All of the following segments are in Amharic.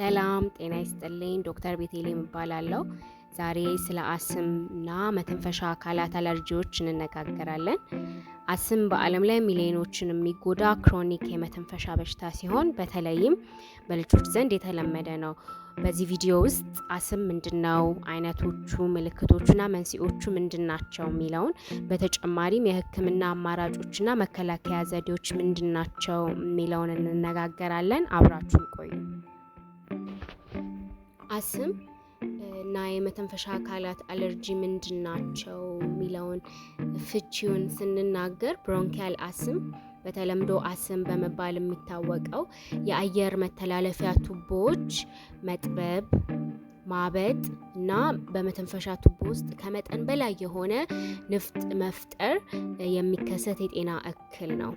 ሰላም ጤና ይስጥልኝ። ዶክተር ቤቴሌም እባላለሁ። ዛሬ ስለ አስም እና መተንፈሻ አካላት አለርጂዎች እንነጋገራለን። አስም በዓለም ላይ ሚሊዮኖችን የሚጎዳ ክሮኒክ የመተንፈሻ በሽታ ሲሆን በተለይም በልጆች ዘንድ የተለመደ ነው። በዚህ ቪዲዮ ውስጥ አስም ምንድን ነው፣ አይነቶቹ፣ ምልክቶቹና መንስኤዎቹ ምንድን ናቸው የሚለውን በተጨማሪም የሕክምና አማራጮችና መከላከያ ዘዴዎች ምንድን ናቸው የሚለውን እንነጋገራለን። አብራችሁን ቆዩ። አስም እና የመተንፈሻ አካላት አለርጂ ምንድን ናቸው የሚለውን ፍቺውን ስንናገር ብሮንኪያል አስም በተለምዶ አስም በመባል የሚታወቀው የአየር መተላለፊያ ቱቦዎች መጥበብ፣ ማበጥ እና በመተንፈሻ ቱቦ ውስጥ ከመጠን በላይ የሆነ ንፍጥ መፍጠር የሚከሰት የጤና እክል ነው።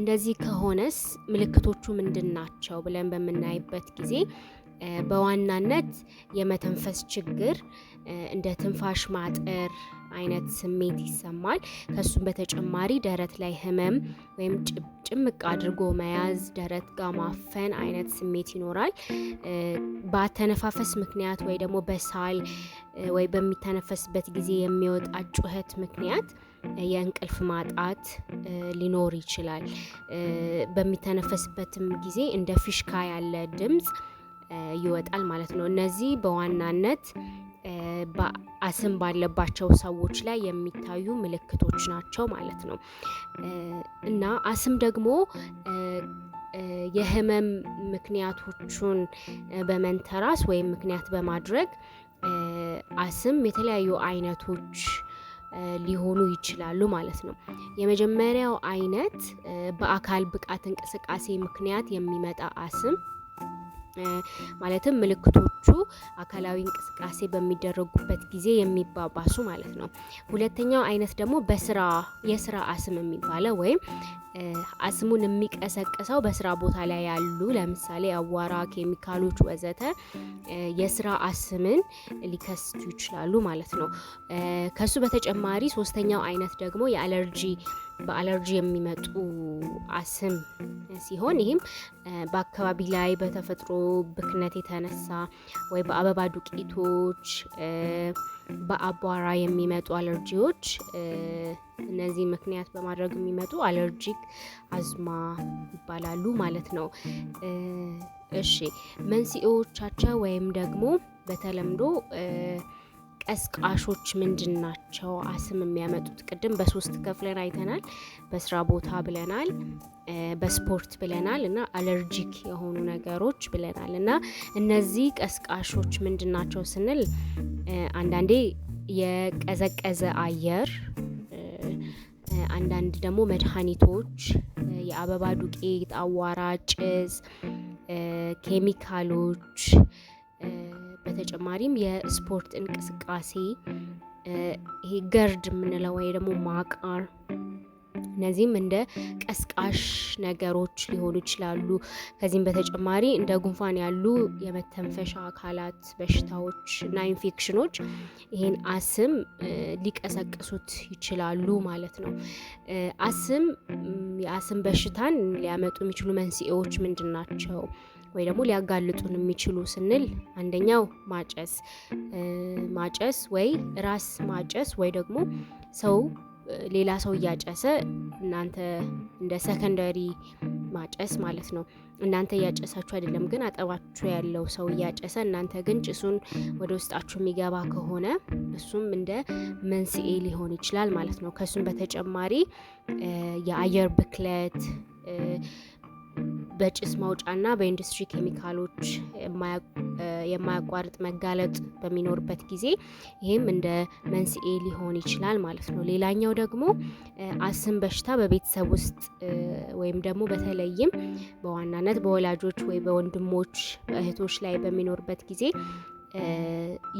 እንደዚህ ከሆነስ ምልክቶቹ ምንድን ናቸው ብለን በምናይበት ጊዜ በዋናነት የመተንፈስ ችግር እንደ ትንፋሽ ማጠር አይነት ስሜት ይሰማል። ከሱም በተጨማሪ ደረት ላይ ህመም ወይም ጭምቅ አድርጎ መያዝ፣ ደረት ጋር ማፈን አይነት ስሜት ይኖራል። በአተነፋፈስ ምክንያት ወይ ደግሞ በሳል ወይ በሚተነፈስበት ጊዜ የሚወጣ ጩኸት ምክንያት የእንቅልፍ ማጣት ሊኖር ይችላል። በሚተነፈስበትም ጊዜ እንደ ፊሽካ ያለ ድምፅ ይወጣል ማለት ነው። እነዚህ በዋናነት አስም ባለባቸው ሰዎች ላይ የሚታዩ ምልክቶች ናቸው ማለት ነው እና አስም ደግሞ የህመም ምክንያቶቹን በመንተራስ ወይም ምክንያት በማድረግ አስም የተለያዩ አይነቶች ሊሆኑ ይችላሉ ማለት ነው። የመጀመሪያው አይነት በአካል ብቃት እንቅስቃሴ ምክንያት የሚመጣ አስም ማለትም ምልክቶቹ አካላዊ እንቅስቃሴ በሚደረጉበት ጊዜ የሚባባሱ ማለት ነው። ሁለተኛው አይነት ደግሞ በስራ የስራ አስም የሚባለው ወይም አስሙን የሚቀሰቅሰው በስራ ቦታ ላይ ያሉ ለምሳሌ አዋራ፣ ኬሚካሎች ወዘተ የስራ አስምን ሊከስቱ ይችላሉ ማለት ነው። ከሱ በተጨማሪ ሶስተኛው አይነት ደግሞ የአለርጂ በአለርጂ የሚመጡ አስም ሲሆን ይህም በአካባቢ ላይ በተፈጥሮ ብክነት የተነሳ ወይ በአበባ ዱቄቶች በአቧራ የሚመጡ አለርጂዎች እነዚህ ምክንያት በማድረግ የሚመጡ አለርጂክ አዝማ ይባላሉ ማለት ነው። እሺ መንስኤዎቻቸው ወይም ደግሞ በተለምዶ ቀስቃሾች ምንድን ናቸው? አስም የሚያመጡት ቅድም በሶስት ከፍለን አይተናል። በስራ ቦታ ብለናል፣ በስፖርት ብለናል እና አለርጂክ የሆኑ ነገሮች ብለናል። እና እነዚህ ቀስቃሾች ምንድን ናቸው ስንል አንዳንዴ የቀዘቀዘ አየር፣ አንዳንድ ደግሞ መድኃኒቶች፣ የአበባ ዱቄት፣ አዋራ፣ ጭስ፣ ኬሚካሎች በተጨማሪም የስፖርት እንቅስቃሴ ይሄ ገርድ የምንለው ወይ ደግሞ ማቃር እነዚህም እንደ ቀስቃሽ ነገሮች ሊሆኑ ይችላሉ። ከዚህም በተጨማሪ እንደ ጉንፋን ያሉ የመተንፈሻ አካላት በሽታዎች እና ኢንፌክሽኖች ይህን አስም ሊቀሰቅሱት ይችላሉ ማለት ነው። አስም የአስም በሽታን ሊያመጡ የሚችሉ መንስኤዎች ምንድን ናቸው? ወይ ደግሞ ሊያጋልጡን የሚችሉ ስንል አንደኛው ማጨስ ማጨስ ወይ ራስ ማጨስ ወይ ደግሞ ሰው ሌላ ሰው እያጨሰ እናንተ እንደ ሰከንደሪ ማጨስ ማለት ነው። እናንተ እያጨሳችሁ አይደለም፣ ግን አጠባችሁ ያለው ሰው እያጨሰ እናንተ ግን ጭሱን ወደ ውስጣችሁ የሚገባ ከሆነ እሱም እንደ መንስኤ ሊሆን ይችላል ማለት ነው። ከእሱም በተጨማሪ የአየር ብክለት በጭስ ማውጫና በኢንዱስትሪ ኬሚካሎች የማያቋርጥ መጋለጥ በሚኖርበት ጊዜ ይህም እንደ መንስኤ ሊሆን ይችላል ማለት ነው። ሌላኛው ደግሞ አስም በሽታ በቤተሰብ ውስጥ ወይም ደግሞ በተለይም በዋናነት በወላጆች ወይ በወንድሞች እህቶች ላይ በሚኖርበት ጊዜ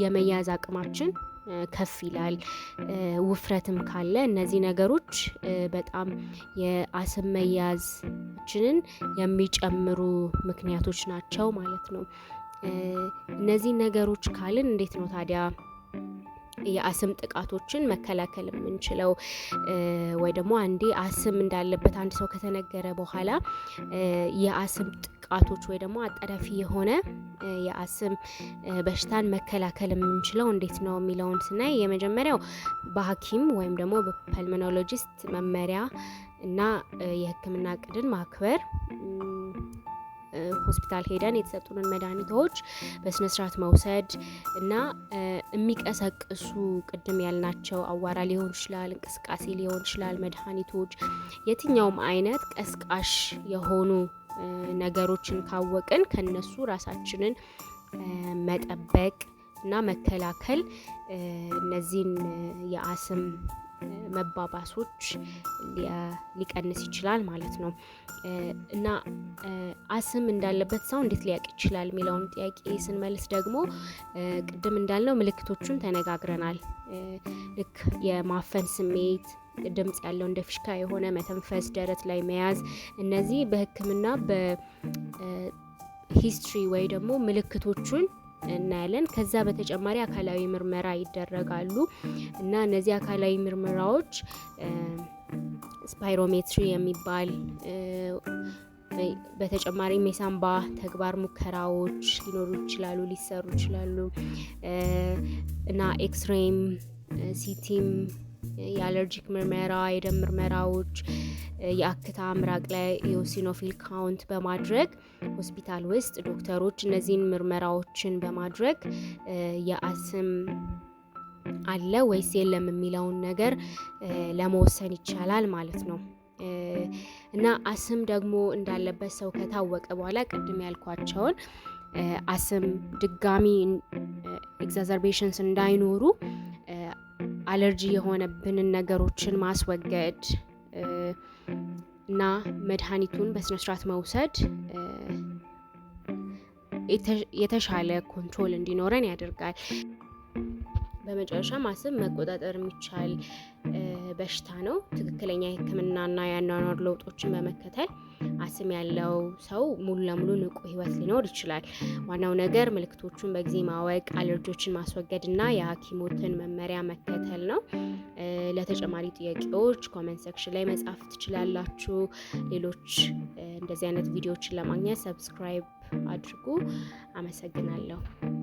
የመያዝ አቅማችን ከፍ ይላል። ውፍረትም ካለ እነዚህ ነገሮች በጣም የአስም መያዝችንን የሚጨምሩ ምክንያቶች ናቸው ማለት ነው። እነዚህ ነገሮች ካልን እንዴት ነው ታዲያ የአስም ጥቃቶችን መከላከል የምንችለው ወይ ደግሞ አንዴ አስም እንዳለበት አንድ ሰው ከተነገረ በኋላ የአስም ጥቃቶች ወይ ደግሞ አጠረፊ የሆነ የአስም በሽታን መከላከል የምንችለው እንዴት ነው የሚለውን ስናይ የመጀመሪያው በሐኪም ወይም ደግሞ በፐልሞኖሎጂስት መመሪያ እና የሕክምና እቅድን ማክበር ሆስፒታል ሄደን የተሰጡንን መድኃኒቶች በስነስርዓት መውሰድ እና የሚቀሰቅሱ ቅድም ያልናቸው አዋራ ሊሆን ይችላል፣ እንቅስቃሴ ሊሆን ይችላል፣ መድኃኒቶች የትኛውም አይነት ቀስቃሽ የሆኑ ነገሮችን ካወቅን ከነሱ ራሳችንን መጠበቅ እና መከላከል እነዚህን የአስም መባባሶች ሊቀንስ ይችላል ማለት ነው እና አስም እንዳለበት ሰው እንዴት ሊያውቅ ይችላል የሚለውን ጥያቄ ስንመልስ ደግሞ ቅድም እንዳልነው ምልክቶቹን ተነጋግረናል። ልክ የማፈን ስሜት ድምጽ ያለው እንደ ፊሽካ የሆነ መተንፈስ፣ ደረት ላይ መያዝ፣ እነዚህ በሕክምና በሂስትሪ ወይ ደግሞ ምልክቶቹን እናያለን። ከዛ በተጨማሪ አካላዊ ምርመራ ይደረጋሉ እና እነዚህ አካላዊ ምርመራዎች ስፓይሮሜትሪ የሚባል በተጨማሪም ሜሳምባ ተግባር ሙከራዎች ሊኖሩ ይችላሉ፣ ሊሰሩ ይችላሉ እና ኤክስሬም፣ ሲቲም፣ የአለርጂክ ምርመራ፣ የደም ምርመራዎች የአክታ ምራቅ ላይ የኦሲኖፊል ካውንት በማድረግ ሆስፒታል ውስጥ ዶክተሮች እነዚህን ምርመራዎችን በማድረግ የአስም አለ ወይስ የለም የሚለውን ነገር ለመወሰን ይቻላል ማለት ነው። እና አስም ደግሞ እንዳለበት ሰው ከታወቀ በኋላ ቅድም ያልኳቸውን አስም ድጋሚ ኤግዛዘርቤሽንስ እንዳይኖሩ አለርጂ የሆነብንን ነገሮችን ማስወገድ እና መድኃኒቱን በስነስርዓት መውሰድ የተሻለ ኮንትሮል እንዲኖረን ያደርጋል። በመጨረሻ ማስብ መቆጣጠር የሚቻል በሽታ ነው። ትክክለኛ የሕክምናና የአኗኗር ለውጦችን በመከተል አስም ያለው ሰው ሙሉ ለሙሉ ንቁ ህይወት ሊኖር ይችላል። ዋናው ነገር ምልክቶቹን በጊዜ ማወቅ፣ አለርጆችን ማስወገድና የሐኪሞትን መመሪያ መከተል ነው። ለተጨማሪ ጥያቄዎች ኮመንት ሴክሽን ላይ መጻፍ ትችላላችሁ። ሌሎች እንደዚህ አይነት ቪዲዮዎችን ለማግኘት ሰብስክራይብ አድርጉ። አመሰግናለሁ።